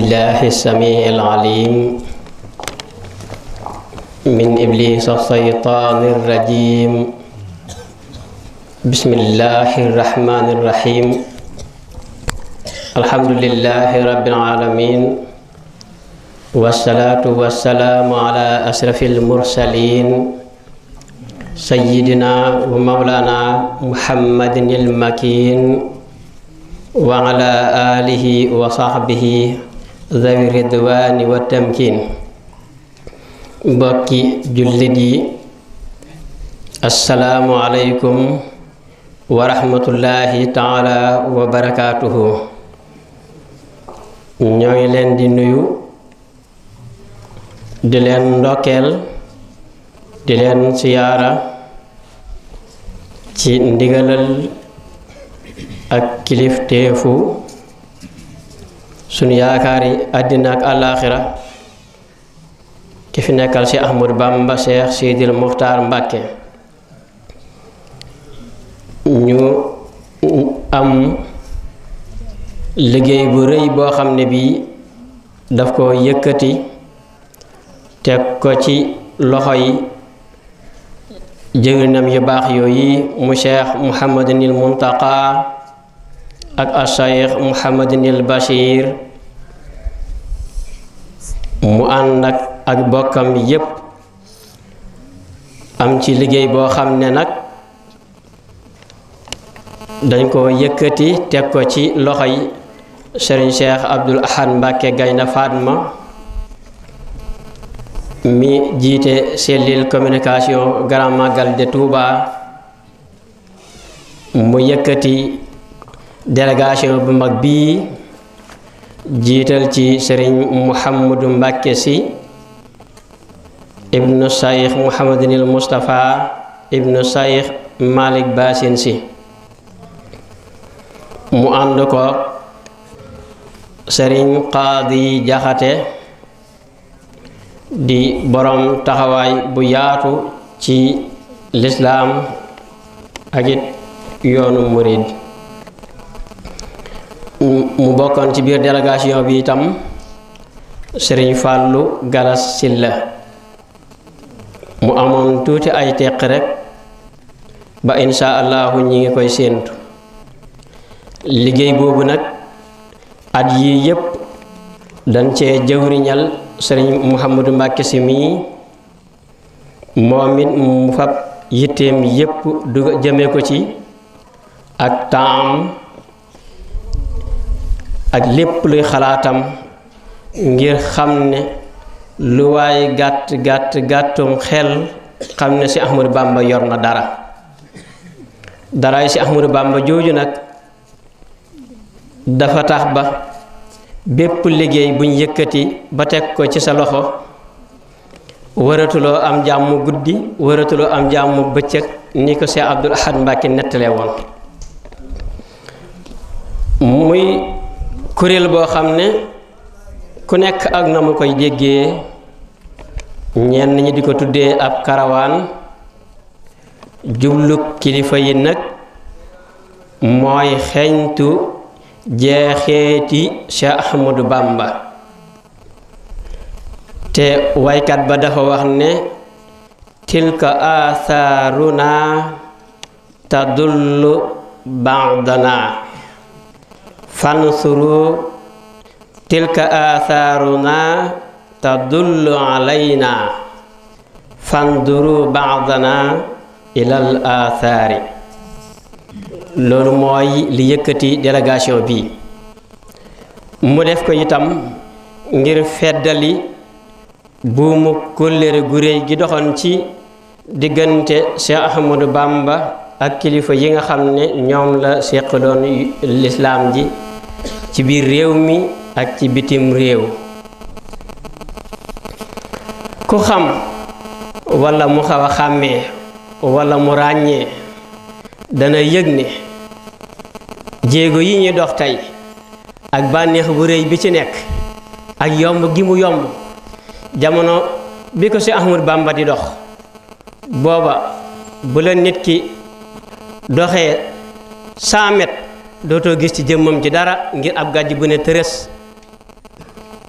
بالله السميع العليم من إبليس الشيطان الرجيم بسم الله الرحمن الرحيم الحمد لله رب العالمين والصلاة والسلام على أشرف المرسلين سيدنا ومولانا محمد المكين وعلى آله وصحبه zawi ridwaani wa tamkin bokki jullit yi assalaamu aleykum wa rahmatullahi taala wa barakaatuhu ñoo ngi leen di nuyu di leen ndokkeel di leen siyaara ci ndigalal ak kilifteefu sunu yaakaar àddina ak àllaaxira ki fi nekkal ci Ahmadu Bamba Cheikh Seydil Muxtaar Mbàkke ñu am liggéey bu rëy boo xam ne bii daf ko yëkkati teg ko ci loxo yi jëwrinam yu baax yooyu mu Cheikh Muhammadinil Muntaqa ak ashayeex muhammadin il bashir mu ànd ak ak bokkam yépp am ci liggéey boo xam ne nag dañ ko yëkkati teg ko ci loxoy sëriñ Cheikh Abdul Ahad Mbàkke Gaynde Fatma mi jiite cellule communication Grand de Touba mu yëkkati délégation bu mag bii jiital ci sëriñ Mouhamadou Mbàkke si ibnu Saïx Mouhamadinil Moustapha ibnu Saïx Malik Basin si mu ànd ko sëriñ Qaadi Jaxate di borom taxawaay bu yaatu ci lislaam ak yoonu murid mu bokkoon ci biir délégation bi itam sëriñ Fallou Galas la mu amoon tuuti ay teq rek ba insha allahu ñi ngi koy séentu liggéey boobu nag at yii yépp dañ cee jëwriñal sëriñ Mouhamadou Mbàkke si mii moom mu fab yitteem yépp du jëme ko ci ak taam ak lépp luy xalaatam ngir xam ne lu waaye gàtt gàtt gàttum xel xam ne si Ahmadu Bàmba yor na dara dara yi si Ahmadu Bàmba jooju nag dafa tax ba bépp liggéey buñ yëkkati ba teg ko ci sa loxo waratuloo am jàmm guddi waratuloo am jàmm bëccëg ni ko Seex Abdul Ahad Mbàkke nettalee woon muy kuréel boo xam ne ku nekk ak na mu koy jéggee ñenn ñi di ko tuddee ab karawaan jublu kilifa yi nag mooy xeeñtu jeexeeti Cheikh Ahmadou Bamba te waykat ba dafa wax ne tilka asaaruna tadullu baadana fansuru tilka aathaaruna tadullu alayna fanduru baadana ilal aathaari loolu mooy li yëkkati délégation bi mu def ko itam ngir feddali buumu kóllëre gu réy gi doxoon ci diggante Cheikh Ahmadou Bamba ak kilifa yi nga xam ne ñoom la seqaloon lislaam ji ci biir réew mi ak ci bitim réew ku xam walla mu xaw a xàmmee walla mu ràññee dana yëg ne jéego yi ñuy dox tey ak bànneex bu rëy bi ci nekk ak yomb gi mu yomb jamono bi ko si Ahmadu Bàmba di dox booba bu la nit ki doxe 100 dootoo gis ci jëmmam ci dara ngir ab gàjj bu ne tërës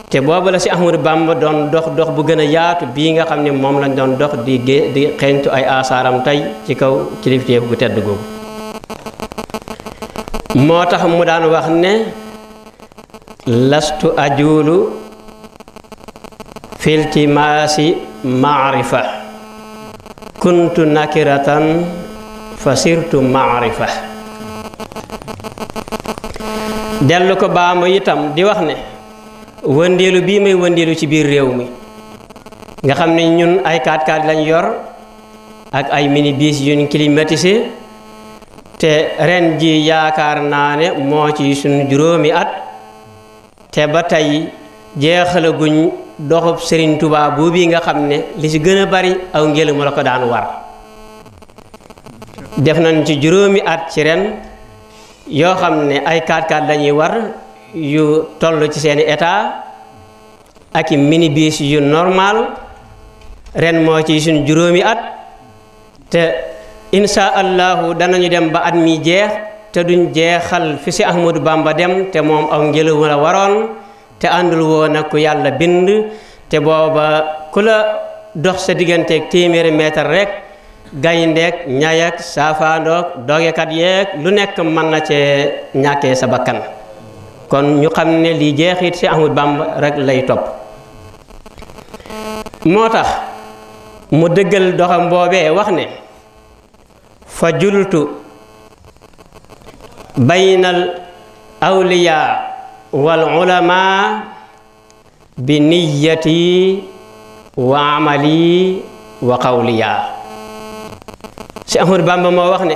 te boobu la si Ahmadu Bamba doon dox dox bu gën a yaatu bi nga xam ne moom lañ doon dox di di xeeñtu ay asaaram tey ci kaw kilifteef bu tedd googu moo tax mu daan wax ne lastu ajuulu filtimaasi maarifa kuntu nakiratan fa sirtu maarifa dellu ko baamu itam di wax ne wëndeelu bii may wëndeelu ci biir réew mi nga xam ne ñun ay 4x4 lañ yor ak ay mini bus yuñ climatisé te ren ji yaakaar naa ne moo ci suñu juróomi at te ba tey jeexalaguñ doxub Sëriñ Tuubaa boobu nga xam ne li ci gën a bari aw ngelaw mu la ko daan war def nañ ci juróomi at ci ren yoo xam ne ay 4 x lañuy war yu toll ci seeni état ak i minibus yu normal ren moo ci suñ juróomi at te insha allahu danañu dem ba at mi jeex te duñ jeexal fi si Ahmadu bàmba dem te moom aw ngelaw la waroon te àndul woon ak ku yàlla bind te booba ku la dox sa digganteeg téeméeri meetar rek gayndeek ñayak saafaandoog dogekat yeeg lu nekk mën na cee ñàkkee sa bakkan kon ñu xam ne li jeexit ci Ahmadu Bamba rek lay topp moo tax mu dëggal doxam boobee wax ne fa jultu baynal awliyaa wal ulamaa bi niyyati wa amali wa si Ahmadu Bamba moo wax ne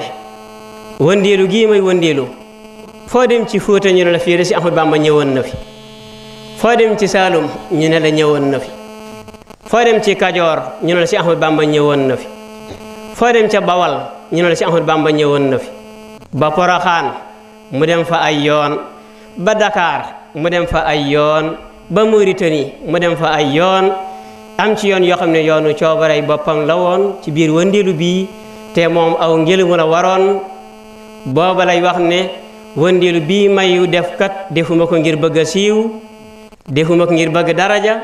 wëndeelu gii may wëndeelu foo dem ci Fuuta ñu ne la fii de si Ahmadu Bamba ñëwoon na fi foo dem ci Saalum ñu ne la ñëwoon na fi foo dem ci Kajoor ñu ne la si Ahmadu bàmb ñëwoon na fi foo dem ca Bawal ñu si Ahmadu Bamba ñëwoon na fi ba Poroxaan mu dem fa ay yoon ba Dakar mu dem fa ay yoon ba Mauritanie mu dem fa ay yoon am ci yoon yoo xam ne yoonu coobarey boppam la woon ci biir wëndeelu bii te moom aw ngélimu waroon booba lay wax ne wëndilu bii mayu defkat defuma ko ngir bëgg a siiw defuma ko ngir bëgg daraja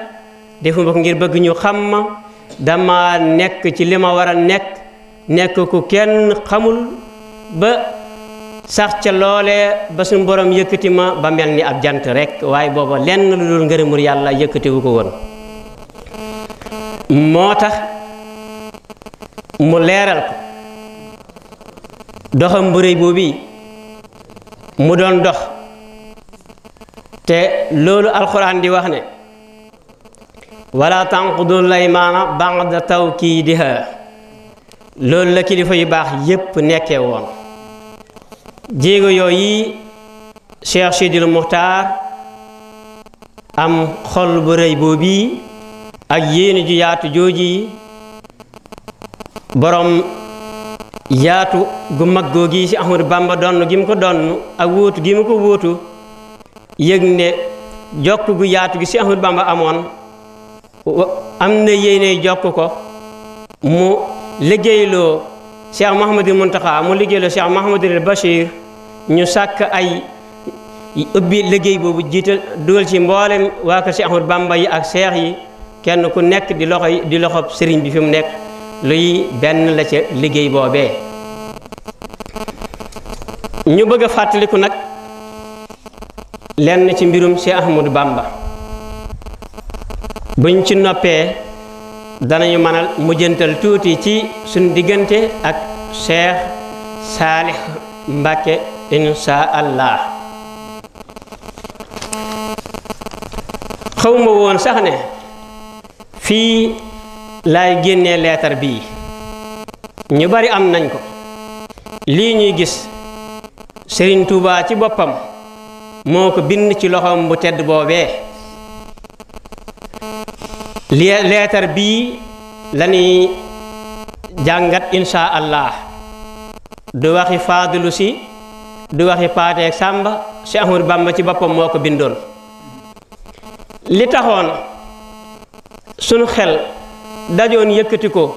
defuma ko ngir bëgg ñu xam ma dama nekk ci li ma war a nekk nekk ku kenn xamul ba sax ca loole ba suñu borom yëkkati ma ba mel ni ab jant rek waaye booba lenn lu dul ngërëmul yàlla yëkkatiwu ko woon moo tax mu leeral ko doxam bu rëy boobu mu doon dox te loolu alxuraan di wax ne wala tanqudul laymaana ba'da tawkiidiha loolu la kilifa yu baax yépp nekkee woon jéego yooyu Cheikh Sidil Muxtaar am xol bu rëy boobu ak yéene ju yaatu jooji borom yaatu gu mag goo gii ci Ahmadu Bamba donn gi mu ko donn ak wóotu gi mu ko wóotu yëg ne jokk gu yaatu gi si Ahmadu Bamba amoon am na yéene jokk ko mu liggéeyloo Cheikh Mouhamadul Mountakha mu liggéeyloo Cheikh Mouhamadul Bachir ñu sàkk ay ubbi liggéey boobu jiital dugal ci mboolem waa ko Cheikh Ahmadu Bamba yi ak seex yi kenn ku nekk di loxo di loxo sëriñ bi fi mu nekk luy benn la ca liggéey boobee ñu bëgg a fàttaliku nag lenn ci mbirum Cheikh Ahmadou Bamba buñ ci noppee danañu mënal mujjantal tuuti ci suñ diggante ak Cheikh Saalih Mbàkke insha allah xawma woon sax ne fii lay génnee leetar bii ñu bari am nañ ko lii ñuy gis Sëriñ Tuubaa ci boppam moo ko bind ci loxoom bu tedd boobee leetar bii lañuy jàngat insha allah du waxi faadilu si du waxi paateek sàmba si Ahmadu Bàmba ci boppam moo ko bindoon li taxoon sunu xel dajoon yëkkati ko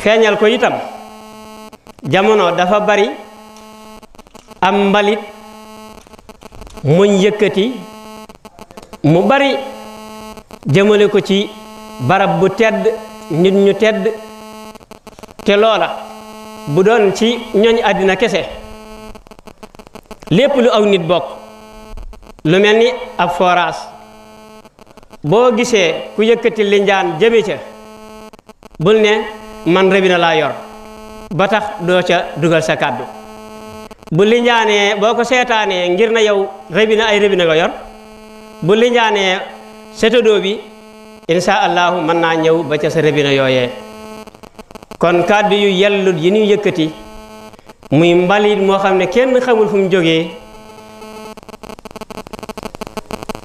feeñal ko itam jamono dafa bari am mbalit muñ yëkkati mu bari jëmale ko ci barab bu tedd nit ñu tedd te loola bu doon ci ñooñ àddina kese lépp lu aw nit bokk lu mel ni ab forage boo gisee ku yëkkati linjaan jëme ca bul ne man rëbina laa yor ba tax doo ca dugal sa kàddu bu linjaanee boo ko seetaanee ngir na yow rëbina ay rëbina nga yor bu linjaanee setadoo bi insha allahu mën naa ñëw ba ca sa rëbina yooyee kon kàddu yu yellut yi ñuy yëkkati muy mbalit moo xam ne kenn xamul fu mu jógee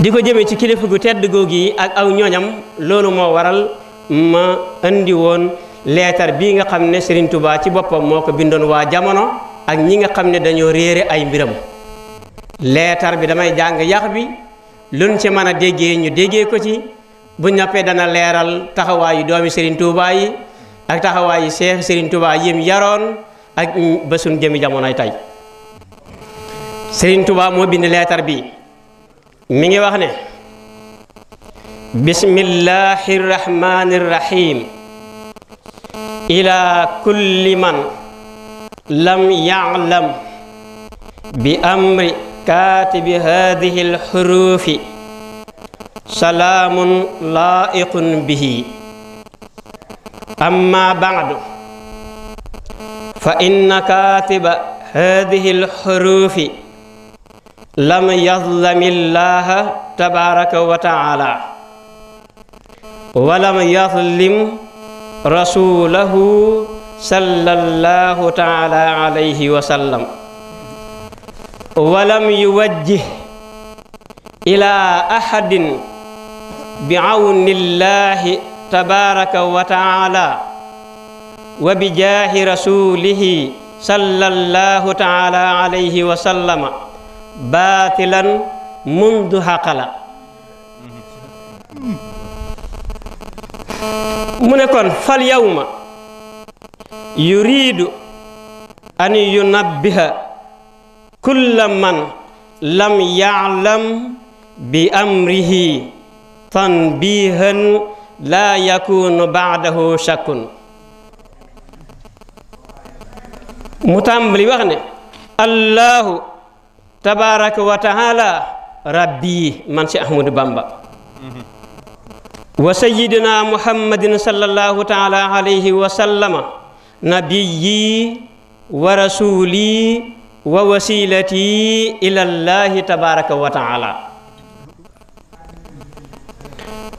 di ko jëme ci kilifa gu tedd googu yi ak aw ñooñam loolu moo waral ma indi woon leetar bii nga xam ne sëriñ Touba ci boppam moo ko bindoon waa jamono ak ñi nga xam ne dañoo réer ay mbiram leetar bi damay jàng yax bi luñ ci mën a déggee ñu déggee ko ci bu ñoppee dana leeral taxawaayu doomi Serigne Touba yi ak taxawaayu Cheikh Serigne Touba yim yaroon ak ba suñ jëmi jamonoy tey Serigne Touba moo bind leetar bi mi ngi wax ne. بسم الله الرحمن الرحيم إلى كل من لم يعلم بأمر كاتب هذه الحروف سلام لائق به أما بعد فإن كاتب هذه الحروف لم يظلم الله تبارك وتعالى walam yadlim rasulahu sallallahu taala alayhi wa sallam walam yuwajjih ila ahadin biawnillahi tabaraka wa taala wa bijaahi rasulihi sallallahu taala alayhi wa sallama baatilan mundu haqala hmm. mu ne kon fal yawma yuriidu an yunabbiha kulla man lam ya'lam bi amrihi tanbihan laa yakunu baadahu shakkun mu tàmbali wax ne allahu tabaraka wa taala rabbi man si ahmadu bamba mhm. wa sayyidina muhammadin sallallahu taala alayhi wa sallama nabiyyi wa rasuli wa wasilati ilallahi tabaraka wa taala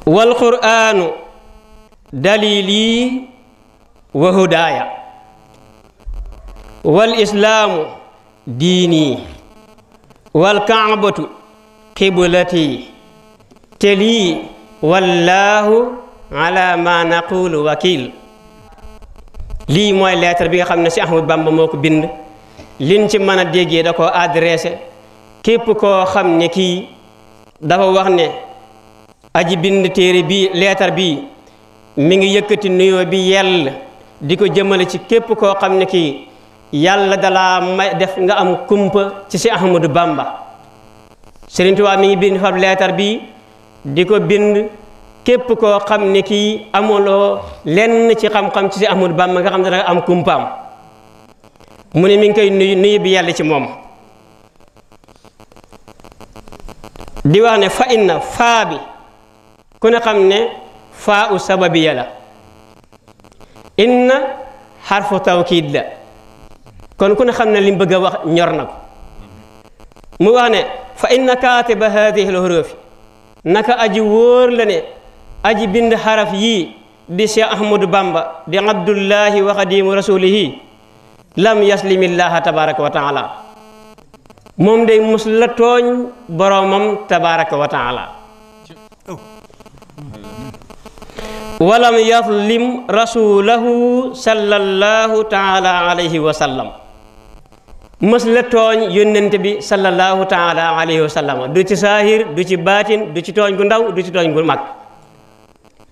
wal qur'anu dalili wa hudaya wal islaamu diini wal kaabatu qiblati te lii wallaahu ala ma naqulu wakil lii mooy lettre bi nga xam ne si Ahmadu Bamba moo ko bind liñ ci mën a déggee da koo adressé képp koo xam ne kii dafa wax ne aji bind téere bi leetar bii mu ngi yëkkati nuyoo bi yell di ko jëmale ci képp koo xam ne kii yàlla dalaa may def nga am kumpa ci si Ahmadu Bamba Sëriñ Tuubaa mi ngi bind fab lettre bii di ko bind képp koo xam ne kii amuloo lenn ci xam-xam ci si amul bàmm nga xam ne danga am kumpaam mu ne mi ngi koy nuyu nuyu bi yàlla ci moom di wax ne fa inna faa bi ku ne xam ne faa u sababiya la inna xarfu tawkiid la kon ku ne xam ne li bëgg a wax ñor na ko mu wax ne fa ba kaatiba haadihi l-xuruufi naka aji wóor la ne aji bind xaraf yii bi Cheikh Ahmadou Bamba di abdullahi wa xadimu rasulihi lam yaslimillaha tabaraka wa taala moom day mus tooñ boromam tabaraka wa taala walam yaslim rasulahu sallallahu taala alayhi wa sallam mës la tooñ yónnente bi sallallahu taala alayhi wa sallam du ci saahir du ci baatin du ci tooñ gu ndaw du ci tooñ gu mag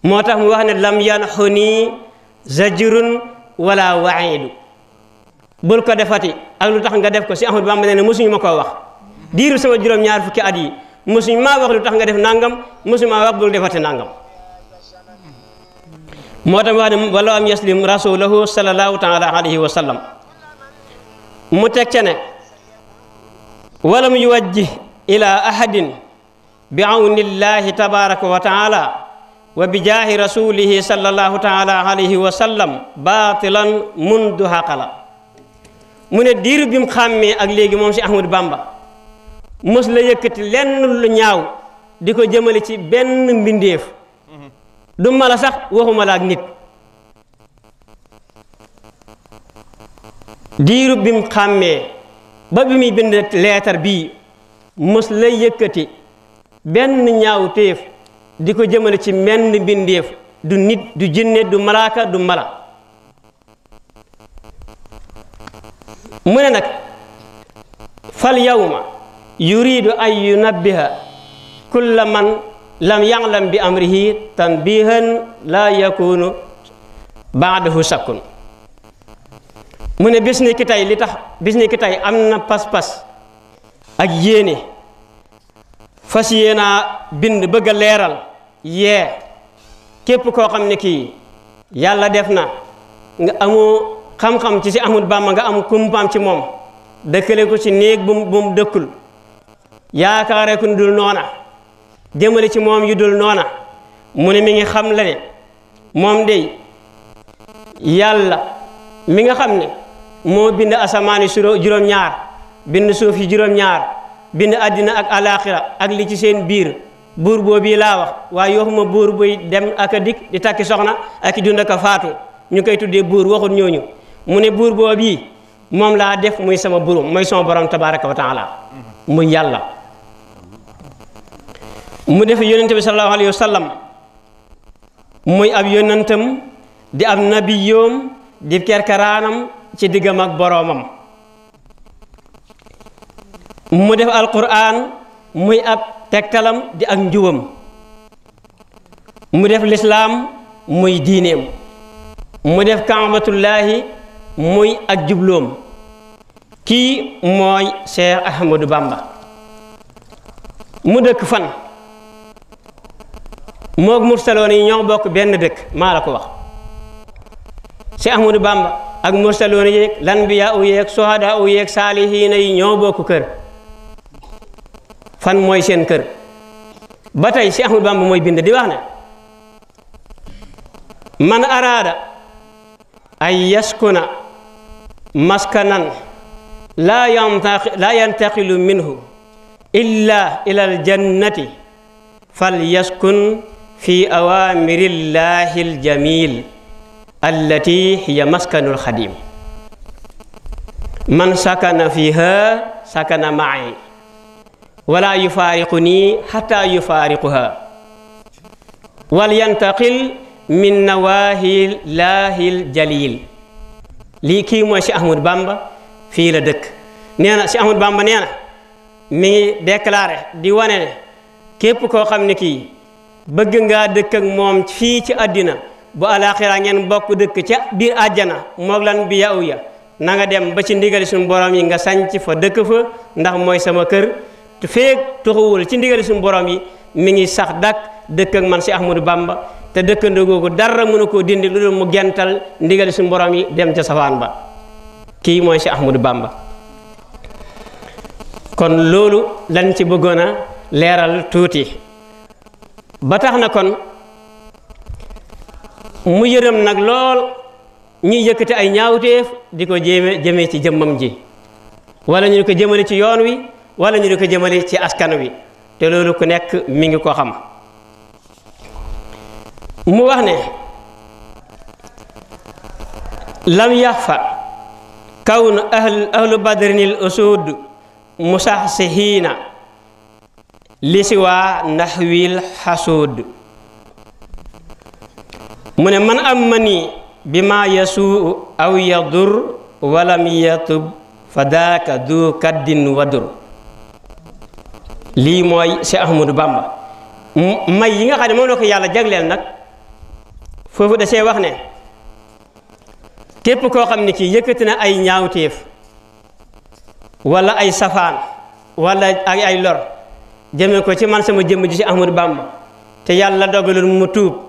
moo tax mu wax ne lam yanxuni zajrun wala waidu bul ko defati ak lu tax nga def ko si Ahmadu Bamba nee na mosuñu ma koo wax diiru sama juróom-ñaar fukki at yi mosuñu maa wax lu tax nga def nangam mosuñu maa wax bul defati nangam moo tax mu wax ne wala am yaslim rasulahu sallallahu taala alayhi sallam mu teg ca ne walam yuwajjih ila ahadin bi awnillahi tabaraka wa taala wa bi jaahi rasulihi sallallahu taala alayhi wa sallam baatilan mundu haqala mu ne diiru bi mu xàmmee ak léegi moom si Ahmadu Bamba mos la yëkkati lenn lu ñaaw di ko jëmale ci benn mbindéef mhm. du mala sax waxuma la ak nit diiru bi mu xàmmee ba bi muy bind leetar bii mos la yëkkati benn ñaaw di ko jëmale ci menn mbindéef du nit du jinne du malaaka du mala mu ne nag fal yawma yuridu an yunabbiha kulla man lam ya'lam bi amrihi tanbihan la yakunu baadahu shakkun mu ne bis tey li tax bis ni tey am na pas-pas ak yéene fas yéenaa bind bëgg a leeral yee képp koo xam ne kii yàlla def na nga amu xam-xam ci si amul bàmma nga am kumpaam ci moom dëkkale ko ci néeg dëkkul yaakaare ku dul noona jëmale ci moom yu dul noona mu ne mi ngi xam la ne moom day yàlla mi nga xam ne moo bind asamaan yi juróom-ñaar bind suuf yi juróom-ñaar bind àddina ak alaaxira ak li ci seen biir buur boobu laa wax waaye waxuma buur buy dem ak a dikk di takki soxna ak i dund ak faatu ñu koy tuddee buur waxut ñooñu mu ne buur boobu moom laa def muy sama burum mooy sama borom tabaaraka wa muy yàlla mu def yonente bi sallallahu alayhi wa sallam muy ab yonentam di ab nabiyoom di kerkaraanam ci diggam ak boroomam mu def alquran muy ab tegtalam di ak njubam mu def lislaam muy diineem mu def kaamatullaahi muy ak jubloom kii mooy Cheikh Ahmadou Bamba mu dëkk fan moog mursaloon yi ñoo bokk benn dëkk maa la ko wax Cheikh Ahmadou Bamba ak mursaloon yeeg lanbiya u yeeg sohada u yi ñoo kër fan mooy seen kër ba tey Cheikh Bamba mooy bind di wax ne man araada ay yaskuna maskanan laa yantaqilu minhu illa ila aljannati fal yaskun fi awamirillahi aljamil allati hiya maskanul xadim man sakana fiha sakana ma'i wala yufaariquni hatta yufaariquha wal yantaqil min nawaahil laahil jalil lii ki mooy si Ahmad Bamba fii la dëkk nee na Bamba nee mi ngi di wane ne ko koo xam ne kii bëgg ngaa moom fii ci àddina bu alaaxira ngeen bokk dëkk ca biir àjjana moog lan bi yaw ya nanga dem ba ci ndigali borom yi nga sanc fa dëkk fa ndax mooy sama kër te feek tuxuwul ci ndigali suñu borom yi mi ngi sax dak dëkk man si Ahmadou bàmba te dëkkandoo googu dara mënu koo dindi lu dul mu gental ndigali suñu borom yi dem ca safaan ba kii mooy si Ahmadou Bamba kon loolu lañ ci bëggoon a leeral tuuti ba tax na kon mu yërëm nag lool ñiy yëkkati ay ñaawteef di ko jéeme jëmee ci jëmmam ji wala ñu di ko jëmale ci yoon wi wala ñu di ko jëmale ci askan wi te loolu ku nekk mi ngi ko xam mu wax ne lam yaxfa kawn ahl ahlu badrinil usud musaxsihiina li siwaa naxwil xasuud mu ne man am mani bi ma yasuu aw yadur walam yatub fa du kaddin wadur lii mooy Cheikh Ahmadou Bamba may yi nga xam ne moom la yàlla jagleel nag foofu da see wax ne képp koo xam ne kii yëkkati na ay ñaawteef walla ay safaan wala ay ay lor jëmee ko ci man sama jëmm ji ci Ahmadou Bamba te yàlla dogalul mu tuub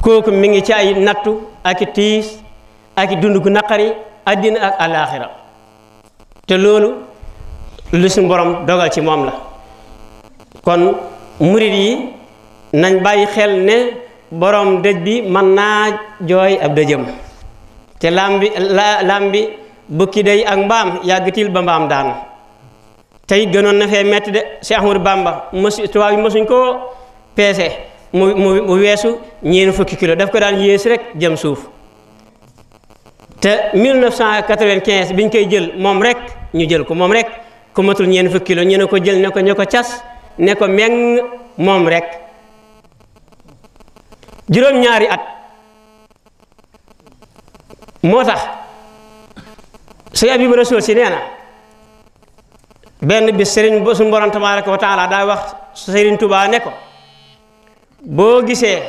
kooku mi ngi ci ay nattu ak i tiis ak i dund gu naqari àddina ak alaaxira te loolu lu borom dogal ci moom la kon murit yi nañ bàyyi xel ne borom dëj bi mën naa jooy ab dëjëm te lam bi la lam bi bukki day ak mbaam yàggatil ba mbaam daanu tey gënoon na fee metti de Cheikh Ahmadou Bamba mosu tubaab mosuñ koo peese mu mu mu weesu ñeen fukki kilo daf ko daan yées rek jëm suuf te 1995 biñ koy jël moom rek ñu jël ko moom rek ko matul ñeen fukki kilo ñu ne ko jël ne ko ñu ko cas ne ko meng moom rek juróom-ñaari at moo tax sëñ bi Rasuul si nee na benn bi sëriñ ba suñu borom tabaaraka wa taala daa wax sëriñ Tuubaa ne ko boo gisee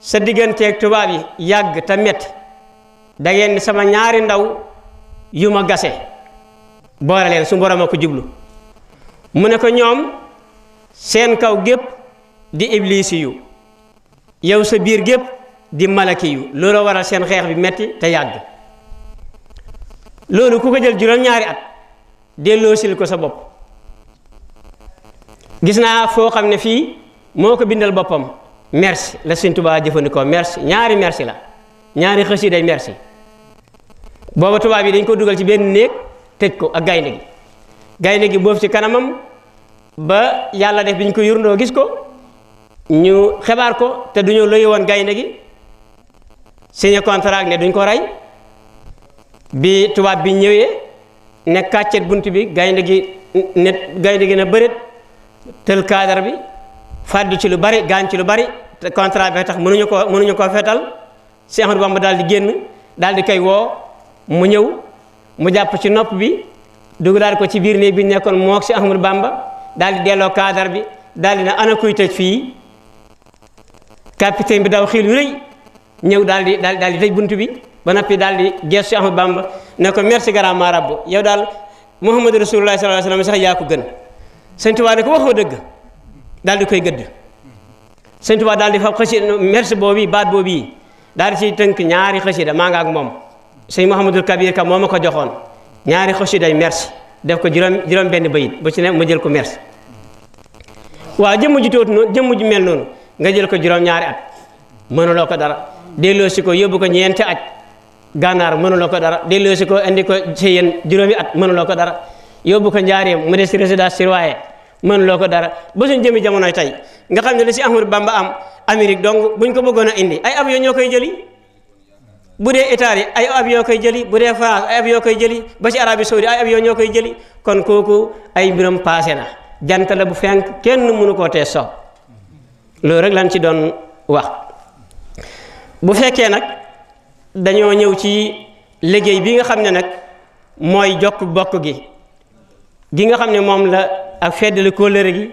sa digganteek tubaab yi yàgg te metti da ngeen sama ñaari ndaw yu ma gase boole su borom a ko jublu mu ne ko ñoom seen kaw gépp di iblisi yu yow sa biir gépp di malaki yu loolu waral seen xeex bi metti te yàgg loolu ku ko jël juróom-ñaari at delloo sil ko sa bopp gis naa foo xam ne fii moo ko bindal boppam merci la Sëñ Tuubaa jëfandikoo merce ñaari merci la ñaari day merci booba tubaab yi dañ ko dugal ci benn néeg tëj ko ak gaynde gi gaynde gi boobu ci kanamam ba yàlla def bi ñu ko ndoo gis ko ñu xebaar ko te du ñu loyu woon gaynde gi signé contrat ne duñ ko rey bi tubaab bi ñëwee ne kàccet bunt bi gaynde gi ne gaynde gi na tël kaadar bi fàddu ci lu bari gaañ ci lu bari te contrat bi tax mënuñu koo mënuñu koo feetal Cheikh Ahmadou daal di génn daal di koy woo mu ñëw mu jàpp ci nopp bi dugalaat ko ci biir néeg bi nekkoon moo ak Cheikh bàmba Bamba daal di delloo cadre bi daal di na ana kuy tëj fii capitaine bi daw xiil yu rëy ñëw daal di daal daal di tëj bunt bi ba noppi daal di gees Cheikh Ahmadou Bamba ne ko merci grand marabout yow daal Muhammadu Rasulullah sallallahu alayhi wa sax yaa ko gën sëñ Tuubaa ne ko waxoo dëgg daal di koy gëdd sëñ Tuubaa daal di fa xësi merci boobu baat boobu yi daal di ciy tënk ñaari xësida maa nga ak moom sëñ Mouhamadul Kabir ka moo ma ko joxoon ñaari xësiday mers def ko juróom juróom benn bayit bu ci ne mu jël ko merci waaw jëmm ji tuuti noonu jëmm ji mel noonu nga jël ko juróom ñaari at mënuloo ko dara delloo si ko yóbbu ko ñeenti at gànnaar mënuloo ko dara delloo ko indi ko ci yéen juróomi at mënuloo ko dara yóbbu ko njaareem mu des résidence surveillée mën loo ko dara ba suñ jëmi jamonoy tey nga xam ne li si Ahmadou Bamba am Amérique donc buñ ko bëggoon indi ay avion ñoo koy jëli bu dee Italie ay avion koy jëli bu dee France koy jëli ba ci Arabie Saoudi ay avion ñoo koy jëli kon kooku ay biram passé na jant la bu fenk kenn mënu koo tee so loolu rek lañ ci doon wax bu fekkee nag dañoo ñëw ci liggéey bi nga xam ne nag mooy jokk bokk gi gi nga xam ne moom la ak feddali kóllëre gi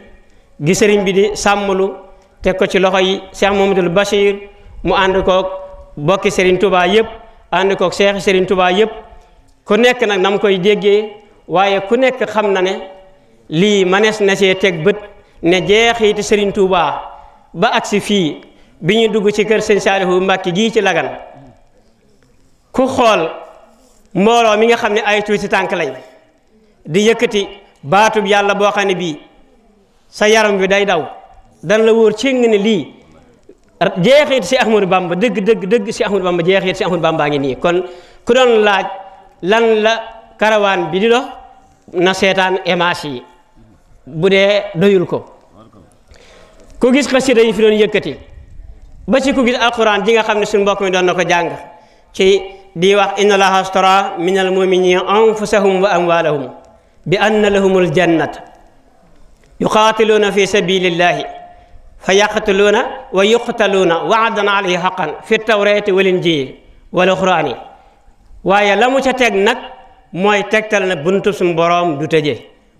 gi sëriñ bi di sàmmlu te ko ci loxo yi Cheikh Mamadou Bachir mu ànd koog bokki sëriñ Touba yépp ànd kook seex sëriñ Touba yépp ku nekk nag na koy déggee waaye ku nekk xam na ne lii manees na see teg bët ne jeexiti sëriñ Touba ba agsi fii bi ñu dugg ci kër sëñ Saalihu Mbàkke gii ci Lagan ku xool mbooloo mi nga xam ne ay tuuti tànk lañ di yëkkati baatub yàlla boo xam ne bii sa yaram bi day daw dana la wóor cëng lii jeexit si Ahmadou Bamba dëgg dëgg dëgg si Ahmadou Bamba jeexit si ngi nii kon ku doon laaj lan la karawaan bi di dox na seetaan image yi bu dee doyul ko ku gis xasida yi fi doon yëkkati ba ci ku gis alquran ji nga xam ne suñu mbokk mi doon na ko jàng ci di wax inna laha astara minal muminina anfusahum wa amwalahum bi anna lahumul jannata yuqaatiluuna fi sabilillahi fa yaqtuluuna wa yuqtaluuna waadan alayhi xaqan fi tawraati wal wa wal quraan yi waaye la mu ca teg nag mooy tegtal na buntu suñu boroom du tëje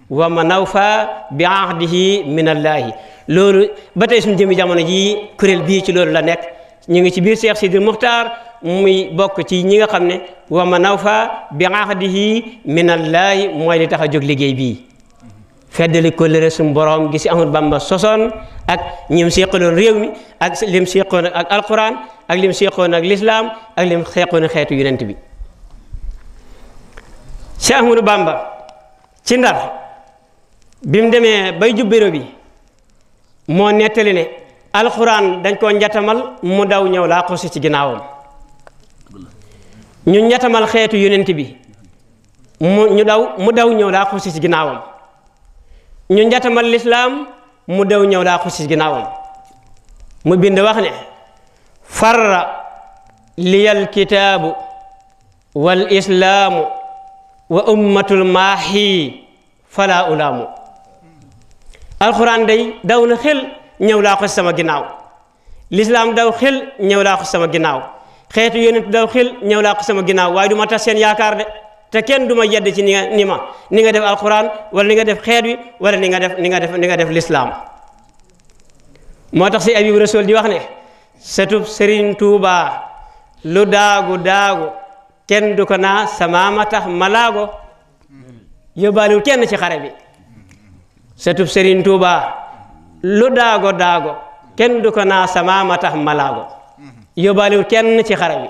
wa man awfaa bi ahdihi minallaahi loolu ba tey suñu jëmi jamono jii kuréel bii ci loolu la nekk ñu ngi ci biir Cheikh Sidil Muxtaar muy bokk ci ñi nga xam ne wa man awfa bi ahdihi minallaahi mooy li tax a jóg liggéey bi feddali kóllëre suñu borom gi si Ahmadu Bamba sosoon ak ñim seqaloon réew mi ak lim seqoon ak alquran ak lim seqoon ak lislaam ak lim seqoon xeetu yonent bi si Ahmadu Bamba ci ndar bi mu demee bay jubbiro bi moo nettali ne alquran dañ koo njatamal mu daw ñëw laa si ci ginnaawam ñu ñettamal xeetu yonent bi mu ñu daw mu daw ñëw daa xusi ci ginnaawam ñu ñettamal lislaam mu daw ñëw daa xusi ci ginnaawam mu bind wax ne farra liyal kitaabu wal islaamu wa ummatul maahi fala ulaamu alxuraan day daw na xel ñëw daa xusi sama ginnaaw lislaam daw xel ñëw daa xusi sama ginnaaw xeetu yonent daw xil ñëw laa ko sama ginnaaw waaye du seen yaakaar de te kenn duma ma yedd ci ni nga ni nga def alquran wala ni nga def xeet wi wala ni nga def ni nga def ni nga def lislaam moo tax si Abibu Rasul di wax ne setub Sëriñ Tuubaa lu daagu daagu kenn du naa naa ma tax malaago yóbbaaliwul kenn ci xare bi setub Sëriñ Tuubaa lu daago daago kenn du ko naa samaama tax malaago yóbbaaliwul kenn ci xare bi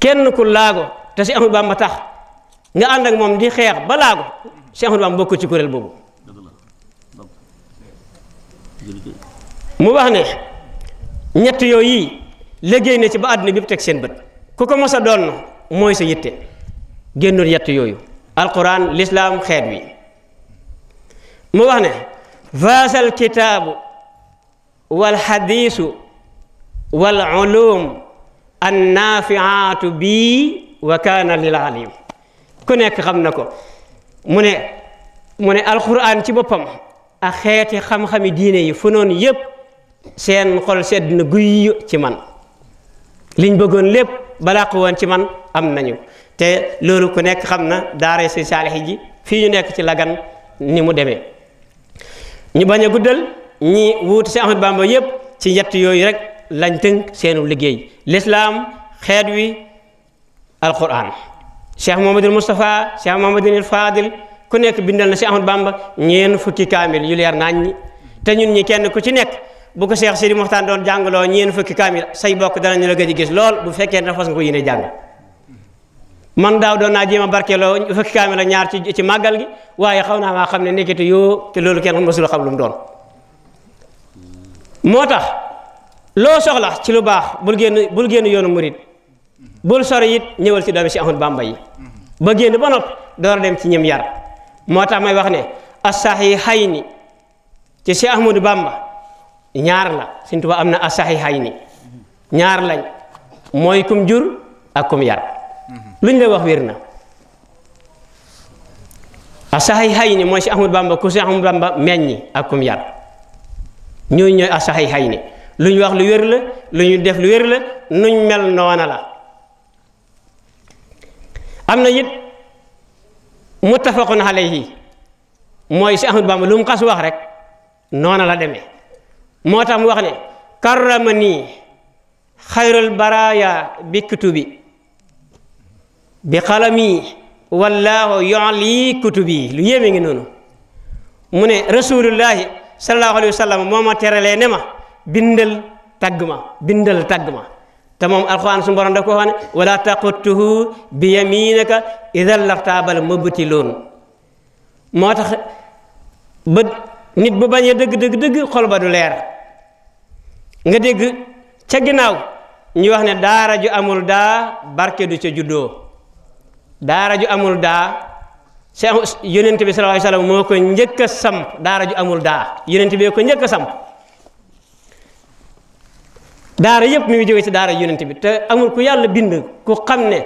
kenn ku laago te si Ahmadu Bamba tax nga ànd ak moom di xeex ba laago si Ahmadu Bamba bokkul ci kuréel boobu mu wax ne ñett yooyu liggéey na ci ba àdduna bi teg seen bët ku ko mos a doon mooy sa yitte génnoon ñett yooyu alquran lislaam xeet wi mu wax ne vaasal kitaabu wal xadiisu wal ulum an naafiaatu bii wa kaana lil alim ku nekk xam na ko mu ne mu ne alquran ci boppam a xeeti xam-xami diine yi fu noonu yépp seen xol sedd na guy ci man liñ bëggoon lépp balaa ko ci man am nañu te loolu ku nekk xam na daara si saalix ji fii ñu nekk ci lagan ni mu demee ñu bañ a guddal ñi wuuti si Ahmad Bamba yépp ci ñett yooyu rek lañ tënk seenu liggéey lislaam xeet wi alquran cheikh Mouhamadul Moustapha cheikh Mouhamadul Fadil ku nekk bindal na si Ahmad Bamba ñeen fukki kaamil yu leer nañ te ñun ñi kenn ku ci nekk bu ko cheikh Sidi Moxtaan doon jàngaloo ñeen fukki kaamil say bokk danañu la gëj gis lool bu fekkee ne fas nga ko yéene jàng man daaw doon naa jéem a barkeeloo fukki kaamil ak ñaar ci ci màggal gi waaye xaw naa maa xam ne nekkati yoo te loolu kenn mosul xam lu mu doon. moo tax loo soxla ci lu baax bul génn bul génn yoonu murit bul sore it ñëwal ci doomi si ahmad bamba yi ba génn ba nopp door dem ci ñim yar moo tax may wax ne asaxihayni ci si ahmadu bàmba ñaar la Sëñ Tuubaa am na ni ñaar lañ mooy kum jur ak kum yar luñ lay wax wér na asaxihayni mooy si ahmadu bamba ku si ahmadu bamba meññi ak kum yar ñooñu ñooy asaxay xay ni lu ñu wax lu wér la lu ñu def lu wér la nuñ mel noona la am na it muttafaqun alayhi mooy si Ahmadu Bamba lu mu xas wax rek noona la deme moo tax mu wax ne karrama nii xayrul baraya bi kutubi bi xalami wallaahu yu'li kutubi lu yéeme ngi noonu mu rasulullahi sallallahu alayhi wa sallam moo ma teralee ne ma bindal tagg ma bindal tagg ma te moom alxuraan su borom da ko wax ne wala taquttuhu bi yaminaka idan lartaabal mubtiloon moo tax ba nit bu bañee dëgg dëgg dëgg xol ba du leer nga dégg ca ginnaaw ñu wax ne daara ju amul daa barke du ca juddoo daara ju amul daa cheikh yonent bi sallallahu alayhi wasallam moo ko njëkk a daara ju amul daa yonent bi ko njëkk a daara yëpp mi ngi jóge ci daara yonent bi te amul ku yàlla bind ku xam ne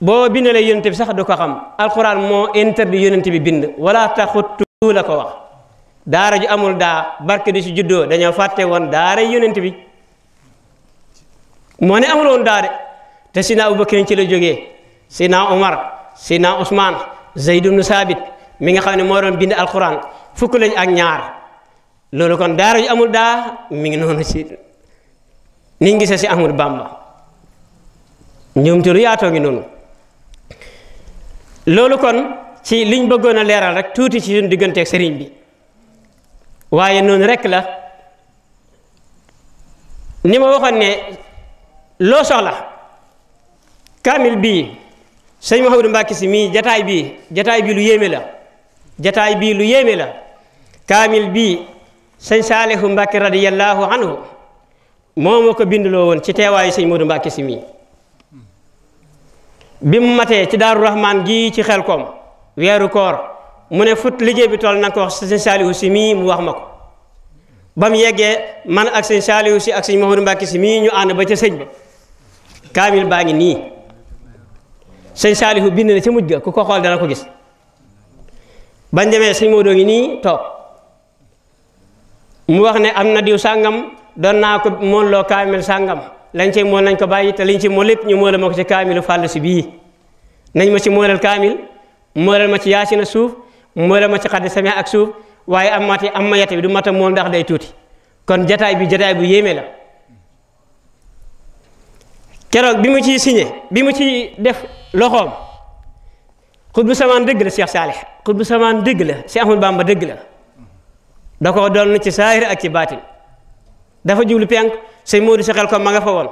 boo bindalee yonent bi sax du ko xam alquran moo interdit yonent bi bind wala la ko wax daara ju amul daa barke di ci juddoo dañoo fàtte woon daara yonent bi moo ne amul woon daa de te sina Abubakar la jógee sina Omar sina Ousmane Zayd ibnu Saabit mi nga xam ne moo doon bind alquran fukk lañ ak ñaar loolu kon daara ju amul daa mi ngi noonu si niñ gisee si Ahmadu Bamba ñoom te lu yaatoo ngi noonu loolu kon ci liñ bëggoon a leeral rek tuuti ci suñu digganteeg sëriñ bi waaye noonu rekk la ni ma waxoon ne loo soxla kaamil bii sëñ Mouhamadou Mbacke si mii jataay bii jataay bii lu yéeme la jataay bii lu yéeme la kaamil bii sëñ Saalihu Mbacke radiyallahu anhu moo ko bindloo woon ci teewaayu sëñ Modou Mbacke si mii bi mu matee ci daaru rahmaan gii ci xel koom weeru koor mu ne fut liggéey bi toll na ko wax Saalihu si mii mu wax ma ko ba mu yeggee man ak sëñ Saalihu si ak sëñ Mouhamadou Mbacke si mii ñu ànd ba ca sëñ ba kaamil baa ngi nii sëñ saalihu bind na ci mujj ga ku ko xool dana ko gis bañ demee sëñ Modou ngi nii toog mu wax ne am na diw sàngam doon naa ko mool loo kaamil sàngam lañ ci mool nañ ko bàyyi te lañ ci mool lépp ñu moolal ma ko ci kaamilu fàllu si bii nañ ma ci moolal kaamil moolal ma ci yaasina suuf moolal ma ci xaddi same ak suuf waaye am mati am ma yete bi du mat a mool ndax day tuuti kon jataay bi jataay bu yéeme la keroog bi mu ciy signé bi mu ci def loxoom xut bu samaan dëgg la Cheikh Saalih xut bu samaan dëgg la Cheikh Ahmad Bamba dëgg ci saahir ak ci baatin dafa jublu penk sëñ Moodu sa ko ma nga fa woon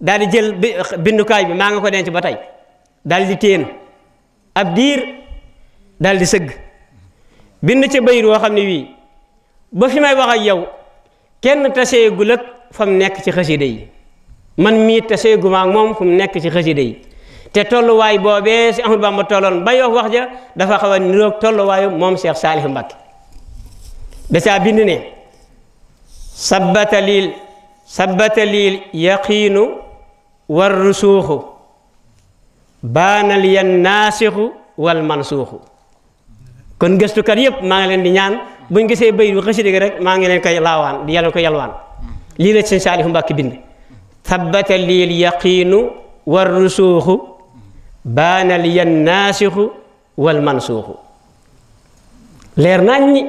daal di jël bindukaay bi maa nga ko denc ba tey daal di téen ab diir daal di sëgg bind ca bayir woo xam ne wii ba fi may wax ak yow kenn taseegu lëg fa mu nekk ci xasida yi man mii taseegu ma ak moom fu nekk ci xasida yi te tolluwaay boobee si Ahmadu Bamba tolloon ba yox wax ja dafa xaw a niroog tolluwaayu moom Cheikh Saalihu Mbàkke dasaa bind ne sabbata lil sabbata lil yaqiinu war rusuuxu baanal yan naasixu wal mansuuxu kon gëstukat yépp maa ngi di ñaan buñ gisee bay bu xasida maa ngi di yàlla ko yalwaan lii la sëñ Saalihu Mbàkke bind sabbata lil yaqiinu war rusuuxu baana liya naasixu wal mansuuxu leer nañ ñi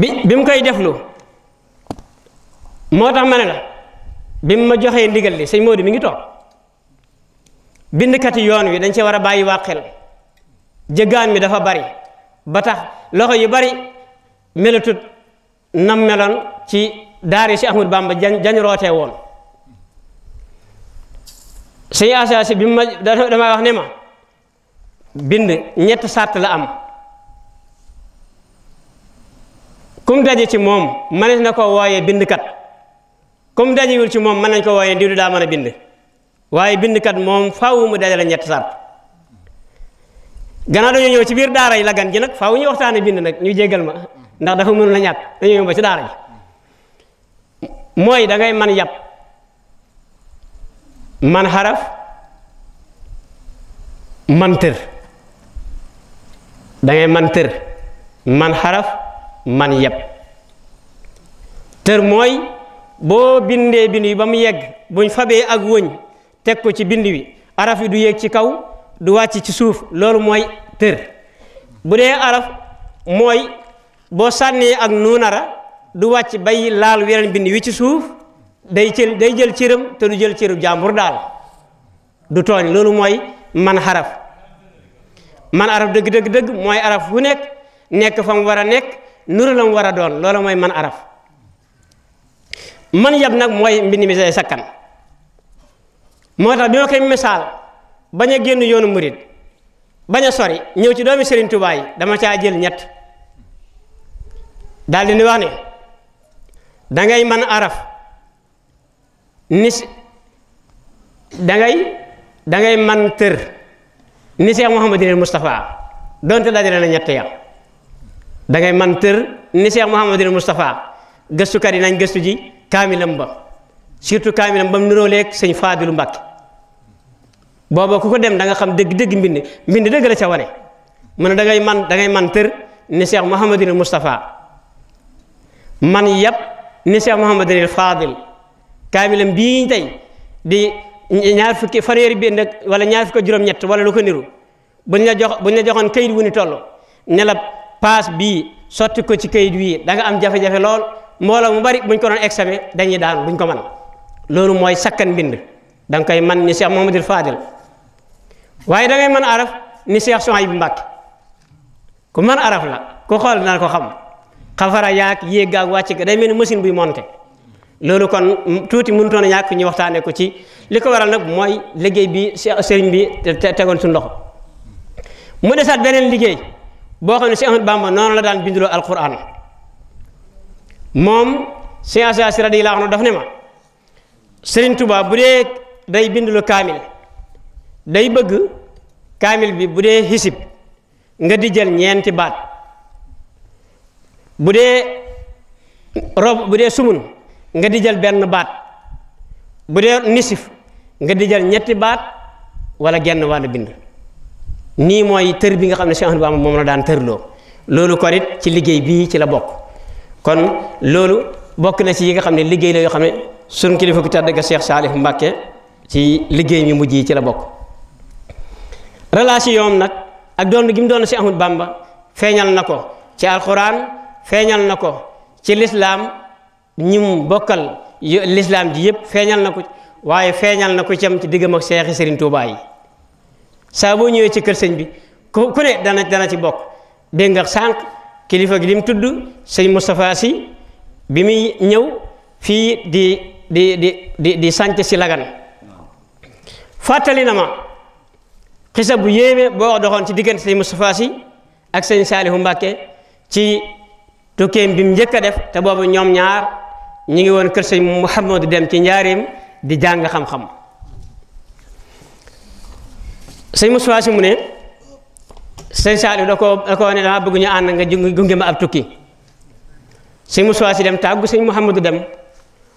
bi bi mu koy deflu moo tax ma ne la bi mu ma joxee ndigal li sëñ Modou mi ngi toog bindkati yoon wi dañ ci war a bàyyi waa xel jëggaan mi dafa bari ba tax loxo yu bari melatut nam meloon ci daari si Ahmadu Bamba jañ jañ rootee woon sëñ Asaa Si bi ma dama wax ne ma bind ñett sàrt la am kum daje ci moom mënees na ko wooyee bindkat kum dajewul ci moom mën nañ ko wooyee ndiidu daa mën a bind waaye bindkat moom faw mu dajale ñett sàrt gannaaw dañoo ñëw ci biir daara yi lagan ji nag faaw ñu waxtaane bind nag ñu jéggal ma ndax dafa mënul a ñàkk dañoo ci daara ji mooy da man yàpp man xaraf man tër da ngay man tër man xaraf man yeb tër mooy boo bindee bind wi ba mu yegg buñ fabee ak wëñ teg ko ci bind wi araf wi du yéeg ci kaw du wàcc ci suuf loolu mooy tër bu dee araf mooy boo sànnee ak nuunara du wàcc bay laal weneen bind wi ci suuf day jël day jël cëram te du jël cëru jàmbur daal du tooñ loolu mooy man xaraf man araf dëgg dëgg dëgg mooy araf wu nekk nekk fa mu war a nekk nuru war a doon loola mooy man araf man yab nag mooy mbind mi sakkan moo tax bi ma koy misaal bañ a génn yoonu murid bañ a sori ñëw ci doomi Serigne Touba dama caa jël ñett daal ni wax ne dangay man araf nis da ngay da ngay man tër ni Cheikh Mouhamadinil Moustapha donte dajale na ñett ya da man tër ni Cheikh Mouhamadinil Moustapha gëstukat yi nañ gëstu ji kamilam ba surtout kaamilam ba mu niróoleeg sëñ Faadilu Mbàkke booba ku ko dem da nga xam dëgg-dëgg mbind mbind dëgg la ca wane mu ne da ngay man da ngay man tër ni Cheikh Mouhamadinil Moustapha man yàpp ni Cheikh Mouhamadinil Faadil kaamilam bii tey di ñaar fukki fanweeri bind nag wala ñaar fukki juróom-ñett wala lu ko niru buñ la jox buñ la joxoon kayit wu ni toll ne la paas bii sotti ko ci kayit wii da am jafe-jafe lool mboola mu bari buñ ko doon examen dañuy daan buñ ko mën loolu mooy sakkan mbind da koy man ni Cheikh Mouhamadul Fadil waaye da mën araf ni Cheikh Souhaïbou Mbacké ku araf la ku xool dana ko xam xafara yaag yéeg ak wàcc ga day mel ni machine buy monté loolu kon tuuti mënutoon a ñàkk ñu waxtaanee ko ci li ko waral nag mooy liggéey bi sëriñ bi tegoon suñu loxo mu desaat beneen liggéey boo xam ne Cheikh Ahmadou Bamba noonu la daan binduloo alquran moom Cheikh Assa daf ne ma sëriñ Touba bu dee day bindulu kaamil day bëgg kaamil bi bu dee hisib nga di jël ñeenti baat bu dee rob bu dee sumun nga di jël benn baat bu dee nisif nga di jël ñetti baat wala genn wàllu bind nii mooy tër bi nga xam ne Cheikh Ahmadou Bamba moom la daan tërloo loolu kon it ci liggéey bii ci la bokk kon loolu bokk na ci yi nga xam ne liggéey la yoo xam ne sunu kilifa ki tedd ga Cheikh Salif Mbàkke ci liggéey mi mujj yi ci la bokk relation yoom nag ak doon gi mu doon Cheikh Ahmadou Bamba feeñal na ko ci alxuraan feeñal na ko ci lislaam ñim bokkal lislaam ji yëpp feeñal na ko waaye feeñal na ko cam ci diggam ak seexi sëriñ Tuubaa yi saa boo ñëwee ci kër sëñ bi ku ne dana dana ci bokk dégg nga sànq kilifa gi lim tudd sëñ Moustapha si bi muy ñëw fii di di di di di si lagan fàttali na ma xisa bu yéeme boo doxoon ci diggante sëñ Moustapha si ak sëñ Saalihu Mbàkke ci tukkeem bi mu njëkk a def te boobu ñoom ñaar ñu ngi woon kër sëñ Mouhamadou dem ci njaareem di jàng xam-xam sëñ Moussa si mu ne sëñ Saliou da koo da koo dama bëgg ñu ànd nga gunge ma ab tukki sëñ Moussa si dem tàggu sëñ Mouhamadou dem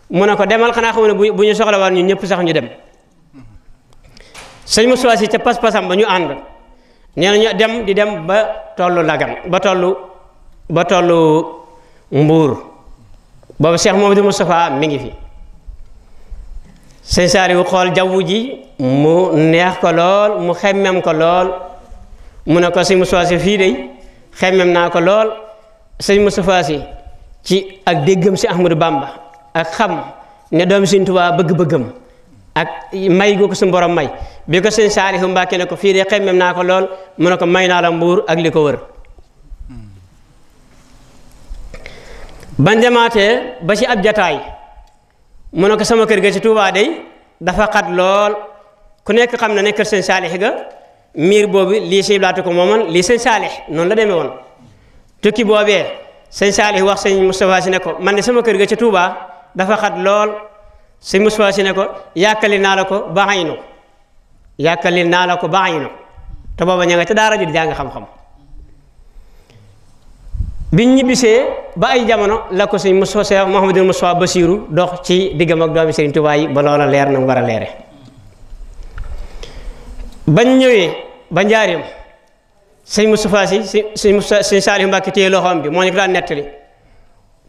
mu ne ko demal xanaa xam ne bu ñu soxla waan ñun ñëpp sax ñu dem sëñ Moussa si ca pas-pasam ba ñu ànd nee na ñu dem di dem ba tollu lagam ba tollu ba tollu mbuur boobu Cheikh Mamadou Moustapha mi ngi fi sëñ Saaliwu xool jaww ji mu neex ko lool mu xemmem ko lool mun ne ko sëñ Moustapha si fii de xemmem naa ko lool sëñ Moustapha si ci ak déggam si Ahmadou Bamba ak xam ne doom sëñ Tuubaa bëgg-bëggam ak may goo ko suñu borom may bi ko sëñ Saaliwu Mbàkke ne ko fii de xemmem naa ko lool mu ne ko may naa la mbuur ak li ko wër bañ demaatee ba ci ab jataay mu ne ko sama kër ga ci Touba day dafa xat lool ku nekk xam na ne kër sëñ Saalix ga miir boobu lii sëñ Blaatu ko moomoon lii sëñ Saalix noonu la demee woon tukki boobe sëñ Saalix wax sëñ Moustapha si ne ko man de sama kër ga ci Touba dafa xat lool si Moustapha si ne ko yàkkali naa la ko ba xaynu yàkkali naa la ko ba xaynu te booba ña nga ca daara ji di jàng xam-xam biñ ñibbisee ba ay jamono la ko sëñ Moussa Cheikh Mouhamadou Moussa Bassirou dox ci diggam ak doomi Sëriñ Tuubaa yi ba loola leer na mu war a leere bañ ñëwee ba njaareem sëñ Moustapha si sëñ Moustapha sëñ Saliou loxoom bi moo ñu ko daan nettali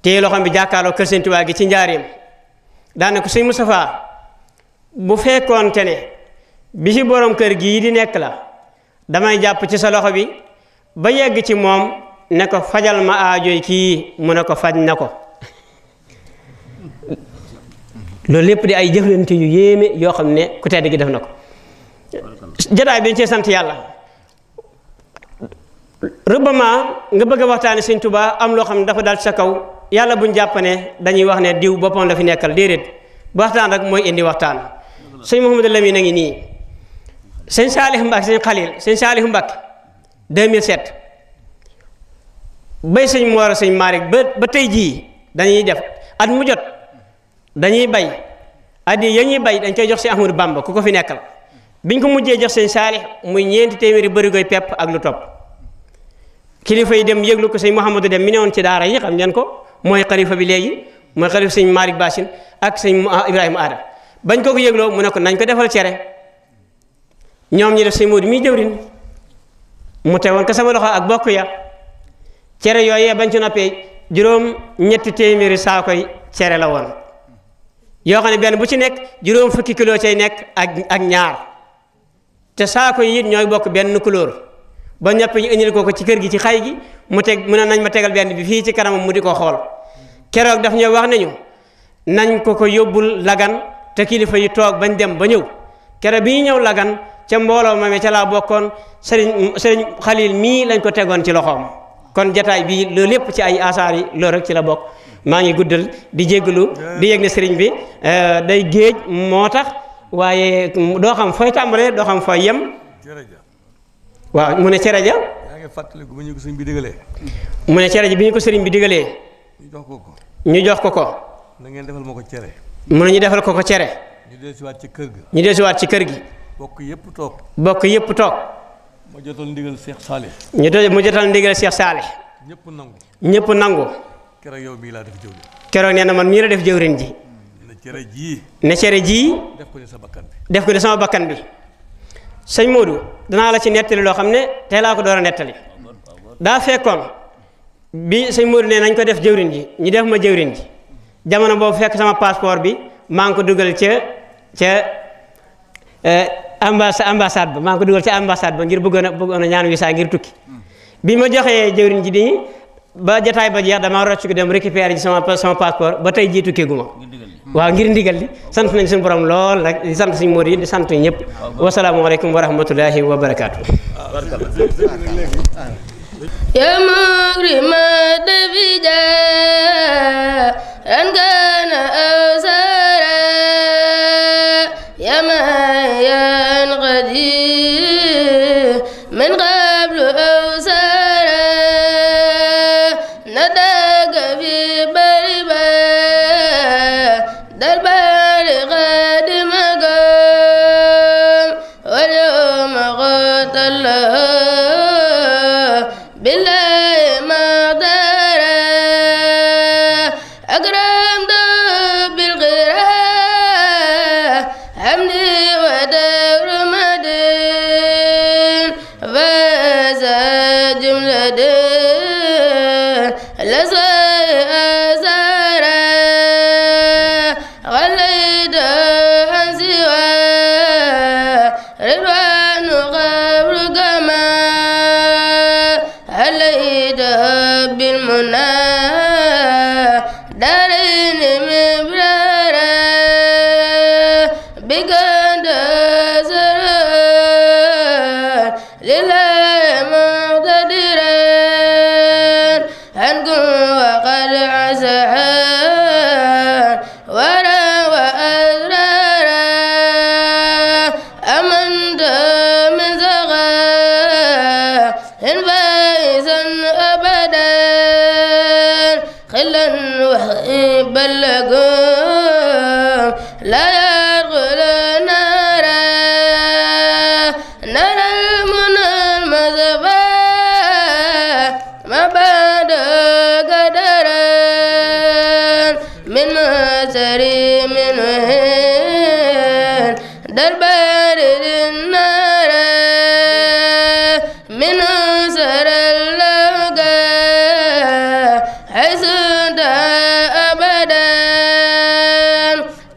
téye loxoom bi jàkkaarloo kër sëñ Tuubaa gi ci njaareem daane ko sëñ Moustapha bu fekkoonte ne bi ci borom kër gi di nekk la damay jàpp ci sa loxo bi ba yegg ci moom ne ko fajal ma aajoy kii mu ne ko faj na ko loolu lépp di ay jëflante yu yéeme yoo xam ne ku tedd gi def na ko jataay bi ñu cee sant yàlla rubama nga bëgg a waxtaane sëñ Tuubaa am loo xam ne dafa dal sa kaw yàlla bu jàpp ne dañuy wax ne diw boppam la fi nekkal déedéet waxtaan rek mooy indi waxtaan sëñ Mouhamadou Lamine a ngi nii sëñ Saalih Mbacke sëñ Khalil sëñ Saalih Mbacke bay sëñ Moor sëñ Maalik ba ba tey jii dañuy def at mu jot dañuy bay at yi ya ñuy bay dañ koy jox si Ahmadu Bamba ku ko fi nekkal biñ ko mujjee jox sëñ Saalix muy ñeenti téeméeri bëri koy pepp ak lu topp kilifa yi dem yëglu ko sëñ Mouhamadou dem mi newoon ci daara yi xam ngeen ko mooy xalifa bi léegi mooy xalifa sëñ Malick Bassine ak sëñ ah, Ibrahima Aada bañ ko ko yëgloo mu ne ko nañ ko defal cere ñoom ñi def sëñ Modou mii jëwrin mu teewoon ko sama loxo ak bokk ya cere yooyee bañ ci noppee juróom ñetti téeméeri saako yi cere la woon yoo xam ne benn bu ci nekk juróom fukki kilo cay nekk ak ak ñaar te saako yi it ñooy bokk benn couleur ba ñëpp ñu indil ko ko ci kër gi ci xay gi mu teg mu ne nañ ma tegal benn bi fii ci kanamam mu di ko xool keroog daf ñoo wax nañu nañ ko ko yóbbul lagan te kilifa yi toog bañ dem ba ñëw keroog bi ñu ñëw lagan ca mbooloo ma ca laa bokkoon sëriñ sëriñ xalil mii lañ ko tegoon ci loxoom. kon jataay bi loolu lépp ci ay asaar yi loolu rek ci la bokk maa ngi guddal di jégalu di yëg ne sëriñ bi eh, day géej moo tax waaye doo xam fooy tàmbalee doo xam fooy yem waaw mu ne cere ja mu ne cere ja bi ñu ko sëriñ bi digalee ñu jox ko ko na ngeen defal ma ko cere mu ne ñu defal ko ko cere ñu dellusiwaat ci kër gi ñu dellusiwaat ci kër gi bokk yépp toog bokk yépp toog mu jotal ndigal Cheikh Salih. ñu jotal mu jotal ndigal Cheikh Salih. ñëpp nangu. ñëpp nangu. keroog yow mii laa def jëwriñ. keroog nee na man la def jëwriñ ji. ne cere ji. ne def ko ne sa bakkan bi. def ko ne sama bi. sëñ Modou danaa la ci nettali loo xam ne tey laa ko door a nettali. daa fekkoon bi sëñ Modou ne nañ ko def jëwriñ ji ñu def ma jëwriñ ji jamono boobu fekk sama passeport bi maa ko dugal ca ca. Eh, ambas ambassade ba maa ngi ko dugal ci ambassade ba ngir bëggoon a bëggoon a ñaan visa ngir tukki bi ma joxee jëwriñ ji nii ba jotaay ba jeex damaa rocc ko dem récupérer ji sama sama passeport ba tey jii tukkee gu ma waaw ngir ndigal li sant nañ suñu borom lool rek di sant suñu mood di sant ñëpp wasalaamualeykum wa rahmatulahi wa barakaatu. يا قدير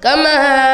كما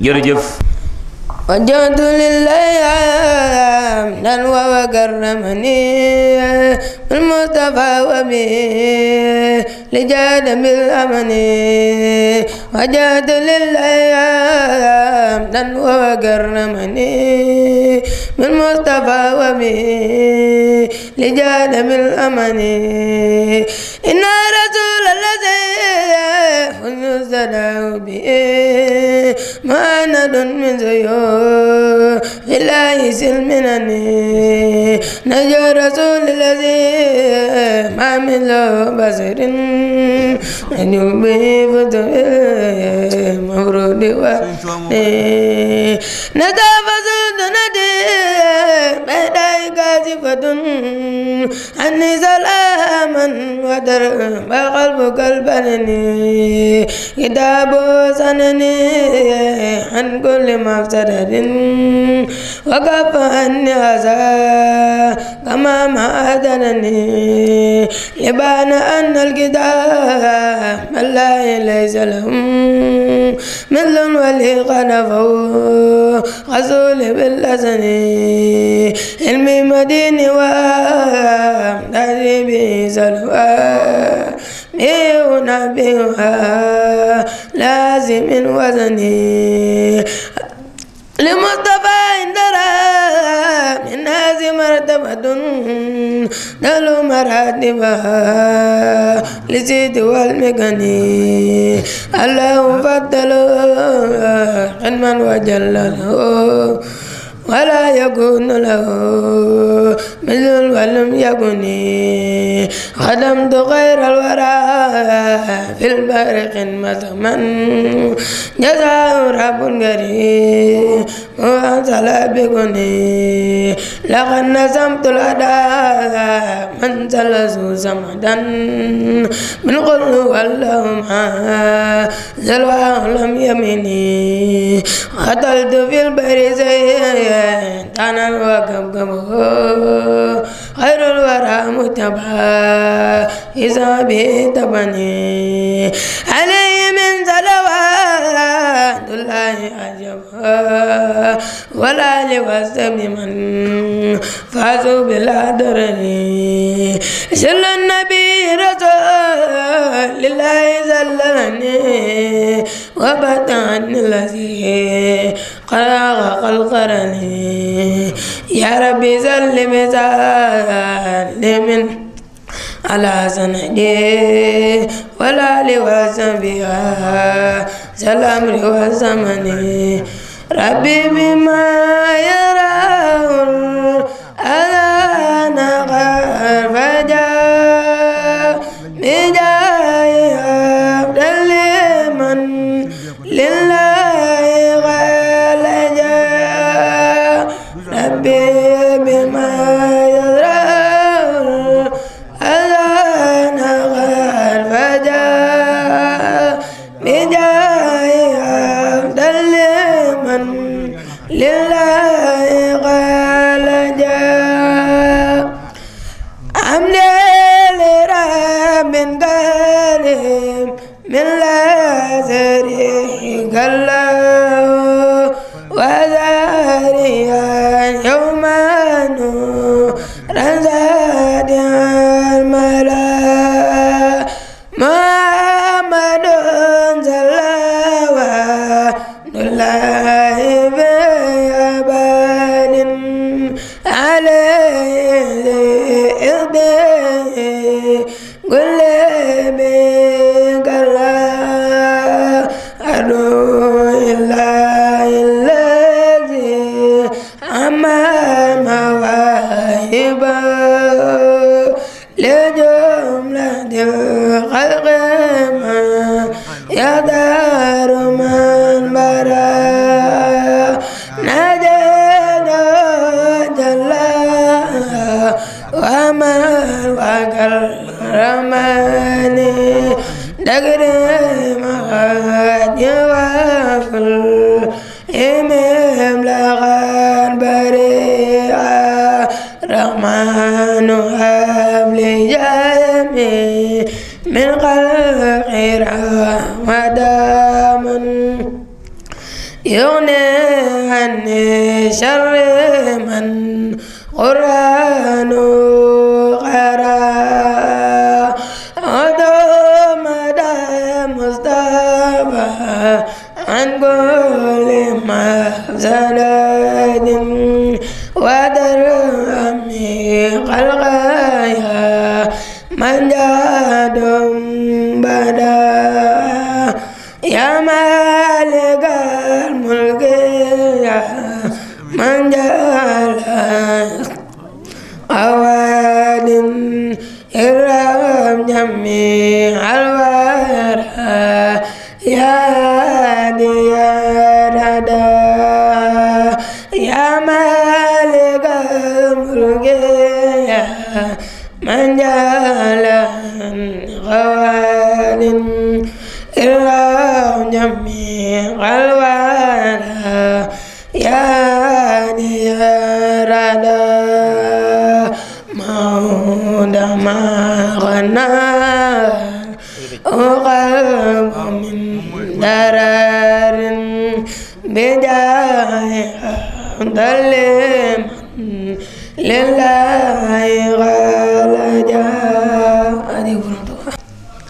jërëjëf وجهت لله حمدا وكرمني المصطفى وبه لجاد بالأمن وجهت لله حمدا وكرمني من مصطفى وبه لجاد بالأمن إن رسول ما ند من زيوف الله سلمنني نجا رسول الذي ما من له بصر من يبي فتح مورود ندى فزود ندى بيداي قاذفة عني سلاما ودر بقل القلب كالبنني كتاب سنني عن كل مفسدة وكف عني أذى كما ما أذنني يبان أن الكتاب الله ليس لهم مثل ولي قنفه غزول بالأسن علمي مديني وأهدي به سلوى أنبئها لازم وزني لمصطفى اندرى من ناس مرتبة دل مراتبها لزيد والمغني الله فضل حلما وجلله ولا يكون له مثل ولم يكن خدمت غير الورى في البر خدمة من جزاء رب كريم وأنزل بكني لقد نسمت الأداء من زلزو زمدا من قل واللهما زلوى لم يمني قتلت في البر زيدا وكبكبه خير الورى متبعى إذا به تبني علي من صلوات الله عجبا ولا لوسم من فازوا بلا درني شل النبي رسول الله زلني وبت عن الذي خلق القرن يا ربي سلم سالم على سندي ولا لوزنبها سلام لوزمني ربي بما يراه كلا يا مالك الملك يا من جاء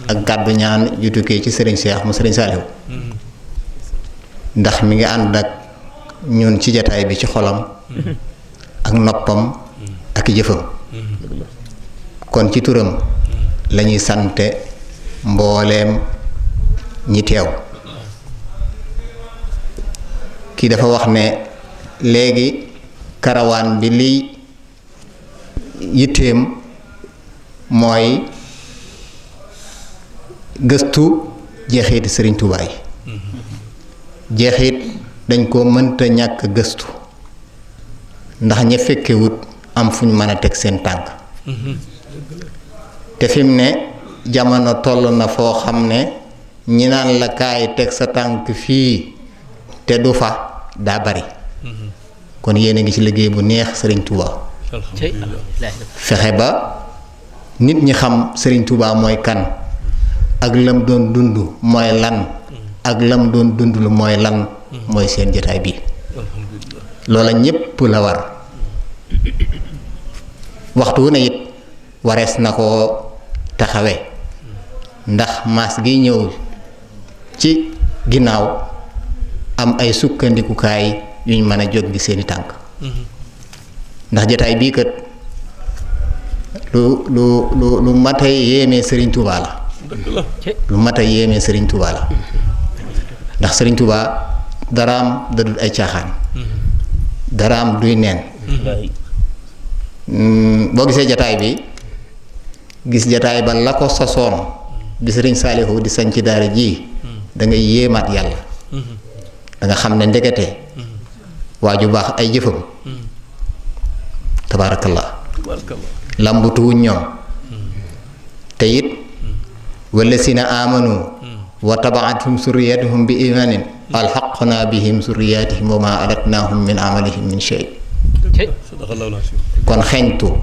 ak gàddu ñaan yu tukkee ci sëriñ Cheikh mu sëriñ Saliou ndax mi ngi ànd ak ñun ci jataay bi ci xolam ak noppam ak jëfam kon ci turam lañuy sante mbooleem ñi teew kii dafa wax ne léegi karawaan bi liy yitteem mooy gëstu jeexit sëriñ Tuubaa jeexit dañ ko mënta ñàkk gëstu ndax ña fekkewut am fuñ mën a teg seen tànk te fi ne jamono toll na foo xam ne ñi naan la kaay teg sa tànk fii te du fa daa bari kon yéen a ngi ci liggéey bu neex Serigne Touba. fexe ba nit ñi xam sëriñ Touba mooy kan ak lam doon dund mooy lan ak lam doon dund lu mooy lan mooy seen jotaay bi loola ñépp la war waxtu wu ne it warees na koo taxawe ndax maas gi ñëw ci ginnaaw am ay sukkandikukaay ñu mën a jóg gi seeni tànk mhm. ndax jotaay bii kat lu lu lu lu mat a yéeme sëriñ Touba la lu mat a yéeme sëriñ Touba la ndax sëriñ Touba daraam dadul ay caaxaan mhm. daraam duy neen mm, boo gisee jataay bi gis jataay ba la ko sosoon bi sëriñ Saalihu di sañ ci daara ji mhm. da yéemaat yàlla da xam ne ndekete waa ju baax ay jëfam tabaarakallah làmbatuwuñ ñoom te it wallasina amanu mm. wa tabaathum suriyatuhum bi imanin alxaqnaa bihim suriyatihim wa ma alatnaahum min amalihim min shay kon xeñtu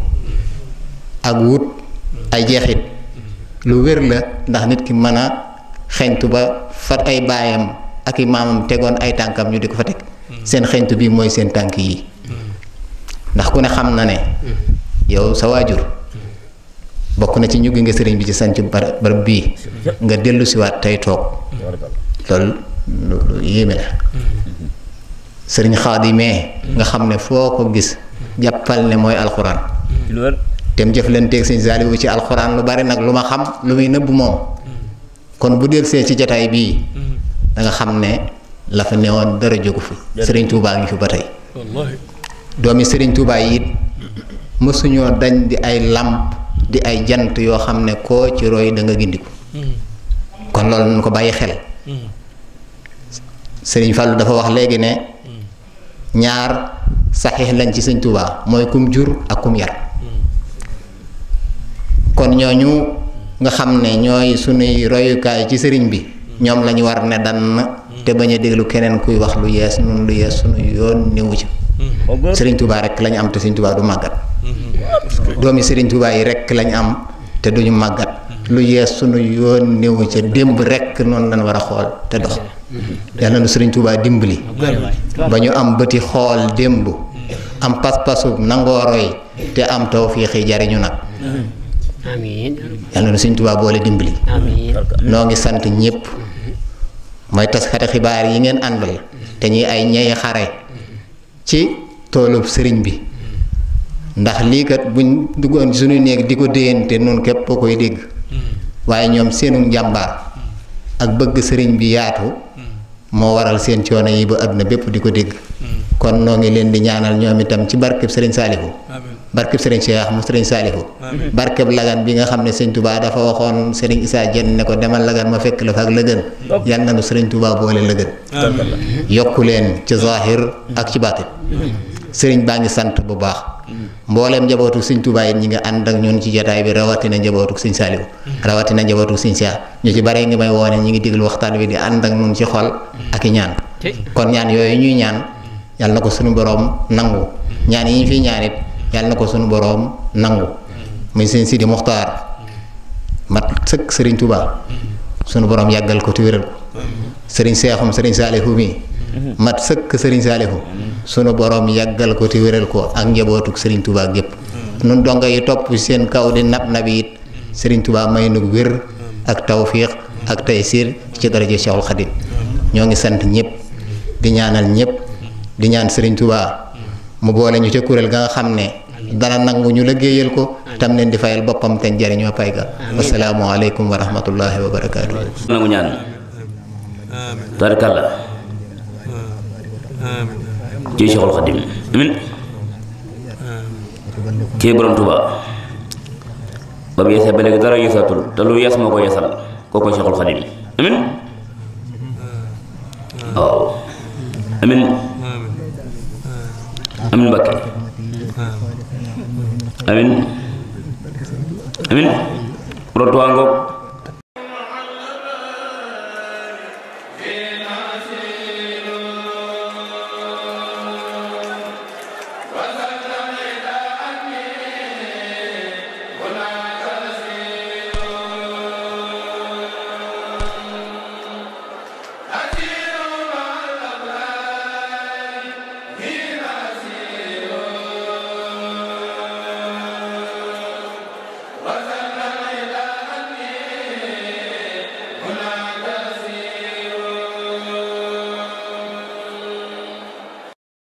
ak wut ay jeexit lu wér la ndax nit ki mën a xeñtu ba fa ay baayam ak i maamam tegoon ay tànkam ñu di ko fa teg seen xeñtu bi mooy seen tànk yi ndax ku ne xam na ne yow sa waajur bokk na ci ñu gi nga sëriñ bi ci sanc barab bii nga dellu siwaat tey toog loolu lu yéeme la sëriñ xaadimee nga xam ne foo ko gis jàppal ne mooy alxuraan dem jëflanteeg sëñ Saaliwu ci alxuraan lu bari nag lu ma xam lu muy nëbb moom kon bu delsee ci jataay bii da xam ne la fa newoon dara jógu fi sëriñ Touba ngi fi ba tey doomi sëriñ Touba yi it mësuñoo dañ di ay làmp di ay jant yoo xam ne koo ci roy danga nga gindiku hmm. kon loolu nañ ko bàyyi xel hmm. sëriñ Fallou dafa wax léegi ne hmm. ñaar saxiix lañ ci sëñ Touba mooy kum jur ak kum yar kon ñooñu nga xam ne ñooy sunuy royukaay ci sëriñ bi ñoom lañu war ne dann te bañ a lu keneen kuy wax lu yees nun lu yees sunu yoon newu ci mm-hmm. sëriñ Touba rek lañ am te sëriñ Touba du màggat mm-hmm. doomi sëriñ Touba yi rek lañ am te duñu màggat lu yees sunu yoon newu ca démb rek noonu lañ war a xool te dox mm-hmm. yal na dimbali ba ñu am bëti xool démb am pas-pasu nangoo roy te am taw tawfiixi jariñu nag yal na nu sëriñ Touba boole dimbali noo ngi sant ñépp mooy taskati xibaar yi ngeen àndal te ñuy ay ñey xare ci toolub sëriñ bi ndax lii kat buñ duggoon suñu néeg di ko déyante noonu képp koy dégg waaye ñoom seenu njàmbaar ak bëgg sëriñ bi yaatu moo waral seen coono yi ba àdduna bépp di ko dégg kon noo ngi leen di ñaanal ñoom itam ci barkeb sëriñ Saalihu barkeb sëriñ Cheikh mu sëriñ Saalihu barkeb lagan bi nga xam ne sëriñ Touba dafa waxoon sëriñ Isaa Jenn ne ko demal lagan ma fekk la fa ak lëgën yal na nu sëriñ Touba boole lëgën yokku leen ci zahir ak ci baatin sëriñ baa ngi sant bu baax mbooleem njabootu sëñ Touba yi ñi nga ànd ak ñun ci jotaay bi rawatina njabootu sëñ Saalihu rawatina njabootu sëñ Cheikh ñu ci bare ngi may woone ñu ngi diglu waxtaan wi di ànd ak ñun ci xol ak i ñaan kon ñaan yooyu ñuy ñaan ko suñu borom nangu ñaan yi yàlla na ko sunu boroom nangu muy sëñ Sidi Muxtaar mat sëkk sëriñ Touba sunu boroom yàggal ko te wéral ko sëriñ Seexum sëriñ Saalihu mi mat sëkk sëriñ Saalihu sunu boroom yàggal ko te wéral ko ak njabootuk sëriñ Touba gépp nun dongo yi topp seen kaw di nab nabi it sëriñ Touba may nu wér ak tawfiix ak taysiir ci daraja Seexul Xadim ñoo ngi sant ñëpp di ñaanal ñëpp di ñaan sëriñ tubaa mu boole ñu ci kuréel ga nga xam ne dana nangu ñu liggéeyal ko tam leen di boppam te jariñoo pay ga assalaamu aleykum wa rahmatullahi wa barakaatu nangu ñaan tarkalla ci Cheikhul Khadim amin ci borom Tuuba ba mu yeesee ba léegi dara yeesaatul te lu yees moo ko yeesal kooku Cheikhul Khadim amin waaw amin amin Mbàkke amin amin rotuwa ngoog